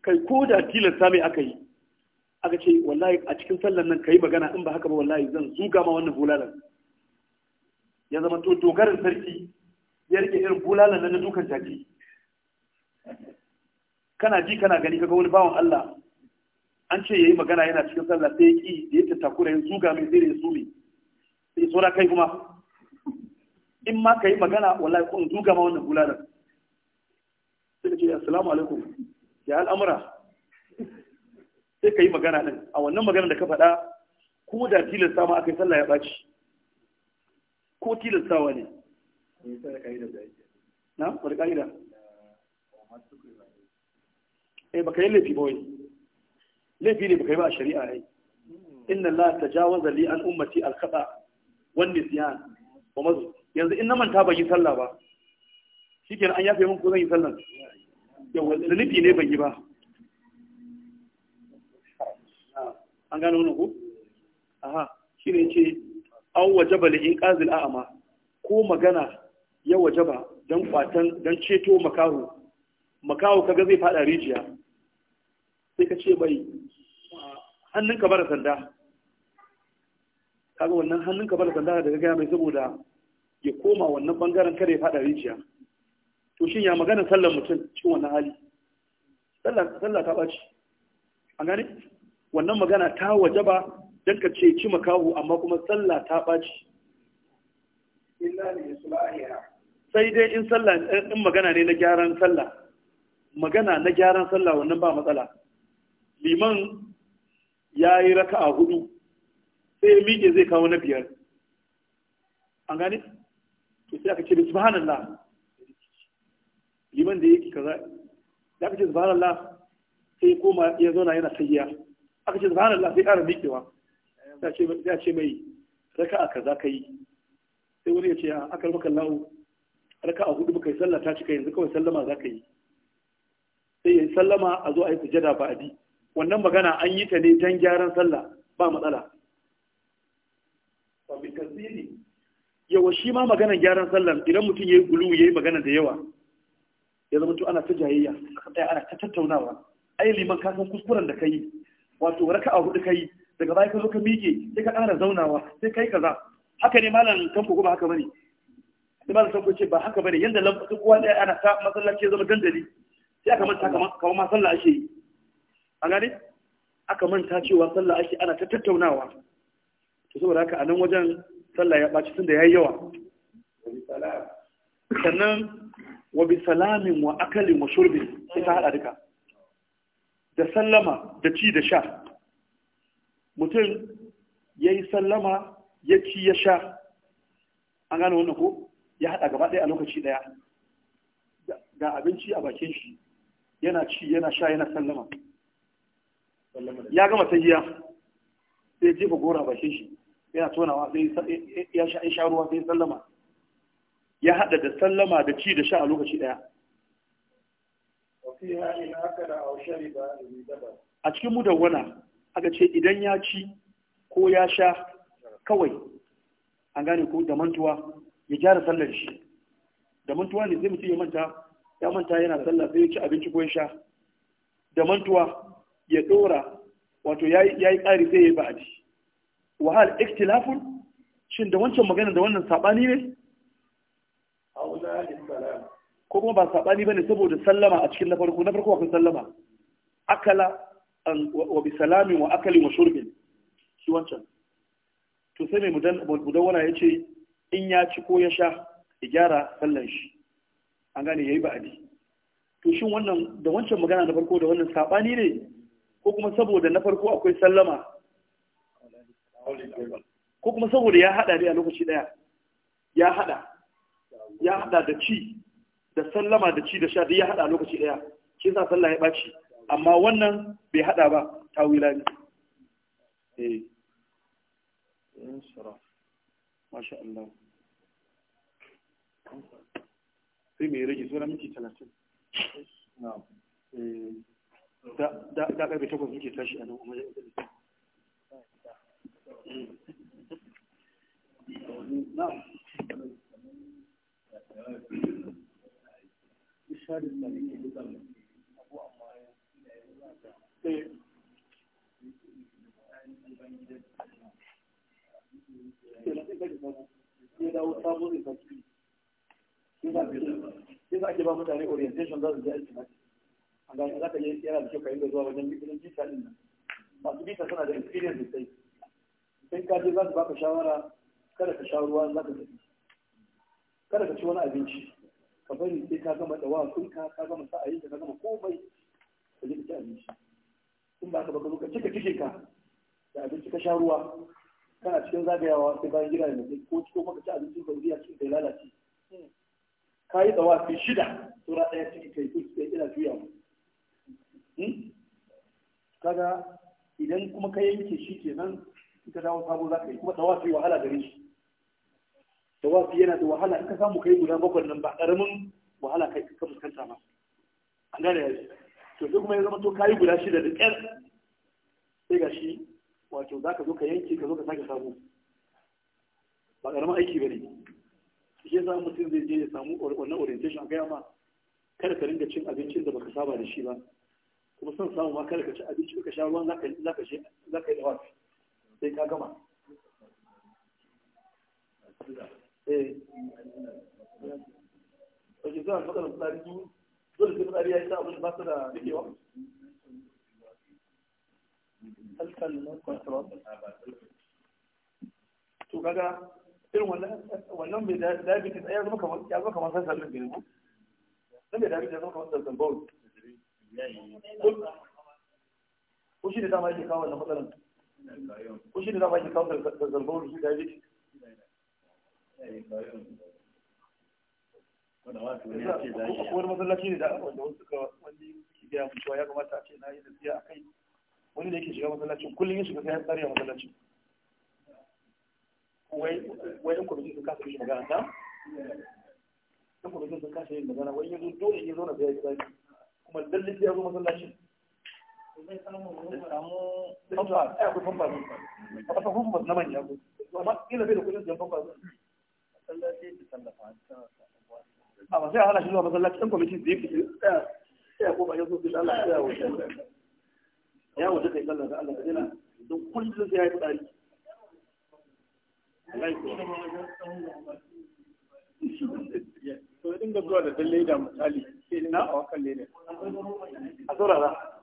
kai ko da tilasta sami aka yi aka ce wallahi a cikin sallan nan ka yi magana in ba haka ba wallahi zan zuga ma wannan bulalan ya zama to dogarin sarki ya rike irin bulalan nan na dukan jaki kana ji kana gani kaga wani bawan Allah an ce yayi magana yana cikin sallah sai ya ki da ya tattakura ya zuga mai zai ya zume sai tsora kai kuma in ma ka yi magana wallahi ko in duga ma wannan bulalar sai ka ce assalamu alaikum ya al'amura sai ka yi magana din a wannan magana da ka faɗa ko da tilasta ma aka yi sallah ya ɓaci ko wa ne na wani ƙa'ida eh baka yi laifi ba wai laifi ne baka yi ba a shari'a ai inna la tajawaza li an ummati al khata wani siyan ba mazu yanzu in na manta ban yi sallah ba shi kenan an yafe min ko zan yi sallah yawa zunubi ne ban yi ba an gano wani ku aha shi ne ce an waje ba in ƙazil a'ama ko magana ya waje ba don kwatan don ceto makaho makaho kaga zai fada rijiya sai ka ce bai hannunka mara sanda kaga wannan hannun ka bala sandara daga gaya mai saboda ya koma wannan bangaren kada ya fada rijiya to shin ya magana sallar mutum cikin wannan hali sallah ta ɓaci an gane wannan magana ta wajaba don ka ce ci makahu amma kuma sallah ta ɓaci sai dai in sallar in magana ne na gyaran sallah magana na gyaran sallah wannan ba matsala liman ya yi raka a hudu sai ya miƙe zai kawo na biyar an gane to sai aka ce da subhanallah liman da yake kaza da aka ce subhanallah sai koma ya zauna yana sayya aka ce subhanallah sai ƙara miƙewa ya ce mai raka a kaza ka yi sai wani ya ce a aka maka lawo raka a hudu muka sallah ta cika yanzu kawai sallama za ka yi sai ya yi sallama a zo a yi sujada ba a bi wannan magana an yi ta ne don gyaran sallah ba matsala fa bi kasiri yawa shi ma maganan gyaran sallan idan mutum ya yayi gulu yi magana da yawa ya zama to ana ta jayayya ɗaya ana ta tattaunawa ai liman ka san kuskuren da ka yi. wato a hudu ka yi, daga baya ka zo ka miƙe sai ka ƙara zaunawa sai ka yi kaza haka ne malam kanku kuma haka bane sai malam kanku ce ba haka bane yanda lambatu kowa ɗaya ana ta masallaci ya zama dandali sai aka manta kamar ma sallah ake yi a gane aka manta cewa sallah ake ana ta tattaunawa to saboda haka a nan wajen sallah ya ɓaci tun da ya yi yawa sannan wa bi salamin wa akalin wa shurbin sai ta haɗa duka da sallama da ci da sha mutum ya yi sallama ya ci ya sha an gane wannan ko ya haɗa gaba ɗaya a lokaci ɗaya ga abinci a bakin shi yana ci yana sha yana sallama ya gama tahiya sai jefa gora a bakin shi yana tonawa sai ya sha ruwa sai sallama ya hada da sallama da ci da sha a lokaci daya a cikin mudawwana aka ce idan ya ci ko ya sha kawai an gane ko da mantuwa ya gyara sallar shi da mantuwa ne zai mutum ya manta ya manta yana sallah sai ya ci abinci ko ya sha da mantuwa ya dora wato ya yi ƙari sai ya yi ba'adi wahal ikhtilafun shin da wancan magana da wannan sabani ne ko kuma ba sabani bane saboda sallama a cikin na farko na farko akwai sallama akala wa bi salamin wa akali wa shurbin shi wancan to sai mai mudawwana ya ce in ya ci ko ya sha ya gyara sallan shi an gane ya yi ba'adi to shin wannan da wancan magana na farko da wannan sabani ne ko kuma saboda na farko akwai sallama ko kuma saboda ya hada ne a lokaci daya ya hada ya hada da ci da sallama da ci da sha duk ya hada a lokaci daya shi yasa sallah ya baci amma wannan bai hada ba tawila ne eh insara masha Allah sai mai rage zuwa miki 30 na'am eh. da da da bai takwas miki tashi a nan kuma ake ba mutane orientation za su je estimate da kyau zuwa wajen bikin jita din suna da experience sosai sai ka je za su baka shawara kada ka sha ruwa za ka tafi kada ka ci wani abinci ka bari sai ka gama da sun ka ka gama sa'ayin ka gama komai ka je ka ci abinci in ba ka baka ka cika cike ka da abinci ka sha ruwa kana cikin zagayawa sai bayan gida da mutum ko ciko maka ci abincin ka zuwa cikin kai lalace ka yi da wasu shida tura ɗaya ciki kai ko ciki ina juya mu hmm? kaga idan kuma ka yanke shi kenan in ka dawo sabo za ka yi kuma tawafi wahala gare shi tawafi yana da wahala in ka samu kai guda bakwai nan ba ƙaramin wahala kai ka fuskanta ba an gane yanzu to duk mai zama to kayi guda shida da ƙyar sai ga shi wato za ka zo ka yanke ka zo ka sake samu ba ƙaramin aiki ba ne shi yasa mutum zai je ya samu wannan orientation a gaya ma kada ka ringa cin abincin da baka saba da shi ba kuma son samu ma kada ka ci abinci ka sha ruwan za ka yi da wasu. sai ka gama eh oke zuwa matsalar fitsari su zuwa da fitsari ya yi abin ba su da rikewa alkan na kwantarwa to kaga irin wannan mai diabetes ya zama kamar ya zama kamar sassan nan gina nan mai diabetes ya zama kamar sassan bawul ko shi ne dama yake kawo wannan matsalar ko wani masallaci ne da wanda wani ya kamata na yi nasiya a kai wani da yake shiga masallacin kullum ya shiga sai ya masallacin wai kwamitin sun kasa yin magana wai yanzu dole zo na kuma lallai ya zo masallacin Eh, akwai a da ba sai a hana shi zuwa masallaci ɗan kwamitin eh, sai a koma Allah ya wuce ya wuce kai sallar da Allah don kullum sai ya yi dinga zuwa da dalle da misali sai a wakan a saurara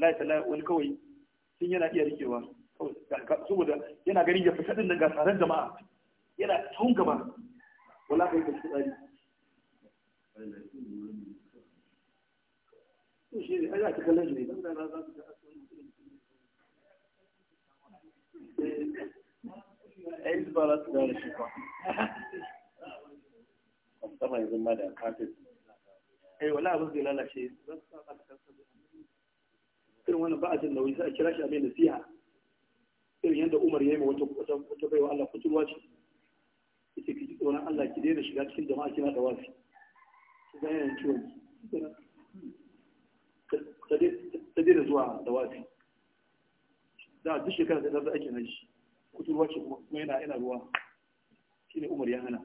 wallahi tallahi wani kawai sun yana iya rikewa saboda yana ganin ya fita din tsaron jama'a yana tun gaba wallahi kai shi tsari to eh, za su gane shi ba eh, abin zai lalace irin wannan ba a jin nauyi sai a kira shi a mai nasiha irin yadda Umar ya yi wata wata baiwa Allah kuturwa ce yace ki tsoron Allah ki daina shiga cikin jama'a kina da wasi ki ga yana ciwon ta daina zuwa da wasi da duk shekara da zai ake nan shi kuturwa ce kuma yana yana ruwa shine Umar ya hana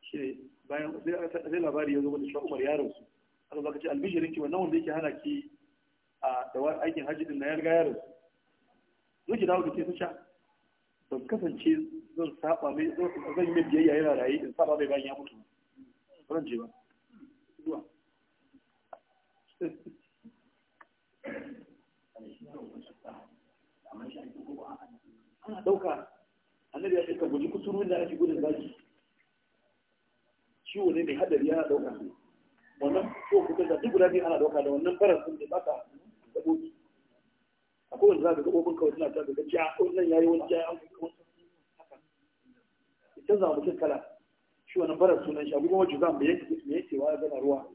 shine bayan sai labari ya zo da shi Umar ya rasu Allah ka ce albishirin ki wannan wanda yake hana ki da wani aikin hajji din na ya riga ya rasu zuci dawo da ke sun sha ban kasance zan saba mai zan yi mai biyayya yana rayu in saba mai bayan ya mutu ran je ba zuwa ana ɗauka annabi ya ce ka guji kusurun da ake gudun zaki ciwo ne mai hadari yana ɗauka wannan ko kuka da duk guda biyu ana ɗauka da wannan barar sun da baka gabobi akwai wanda za ka gabobin kawai suna ta daga jiya wannan yayi wani jiya an kuma haka ita za mutum kala shi wani barar sunan shi abubuwan wajen zan bayan me yake wa gana ruwa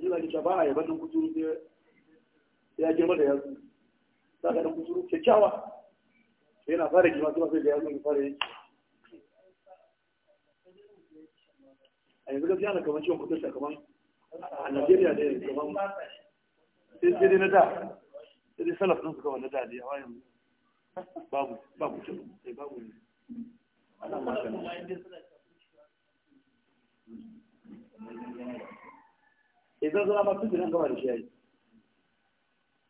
jirage eh. ta ba a yabar kuturu ya girma da yanzu za ka dan kuturu kyakkyawa yana fara kima su masu da yawon fara yanki a yanzu gaskiya na kamar ciwon kudin kamar a nigeria da yanzu kamar sai dai na da sai dai salaf ɗin su kawai na da da yawa yanzu babu babu ciwon sai eh, babu ne ana mashin eh, idan zana ma tun jiran gaba da shi yayi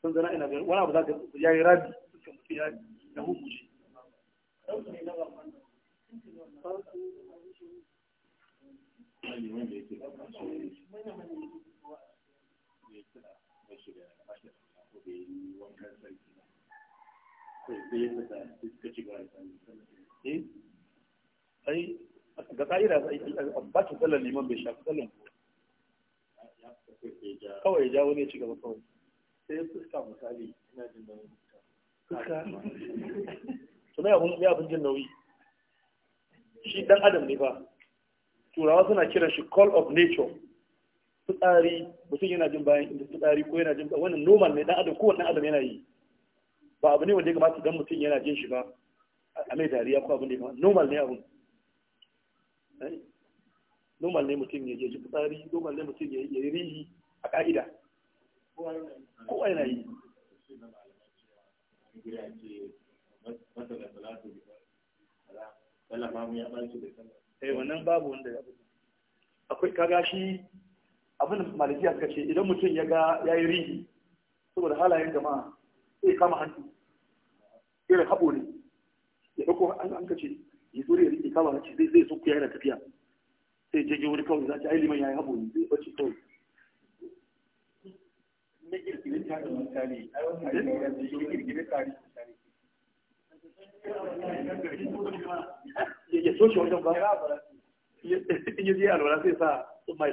sun zana ina wani abu za ka yayi rabi suka mutu yayi da hukunci Eh? ga ka'ida ba ta tsallar liman bai shafi kawai ya jawo ne ci gaba kawai sai fuska misali ina jin da fuska su mai abin jin nauyi shi dan adam ne ba turawa suna kiran shi call of nature fitsari mutum yana jin bayan inda fitsari ko yana jin bayan wannan normal ne dan adam ko wannan adam yana yi ba abu ne wanda ya kamata dan mutum yana jin shi ba a mai dariya ko abin da ya normal ne abun eh? normal ne mutum ya ji fitsari normal ne mutum ya yi rihi a ka'ida kowa yana yi da eh, wanda ya akwai kaga shi abin malikiya suka ce idan mutum ya ga yi rihi saboda halayen jama'a sai kama hannu irin haɓo ya ɗauko an ka ce ya zo ya rike kama zai so yana tafiya sai je wuri kawai za ta liman yi haɓo ne zai kawai ya toshe sa tsumma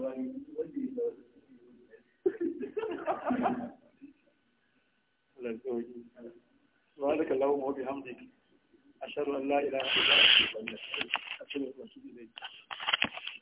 ya اللهم وبحمدك أشهد أن لا إله إلا أنت أستغفرك وأتوب إليك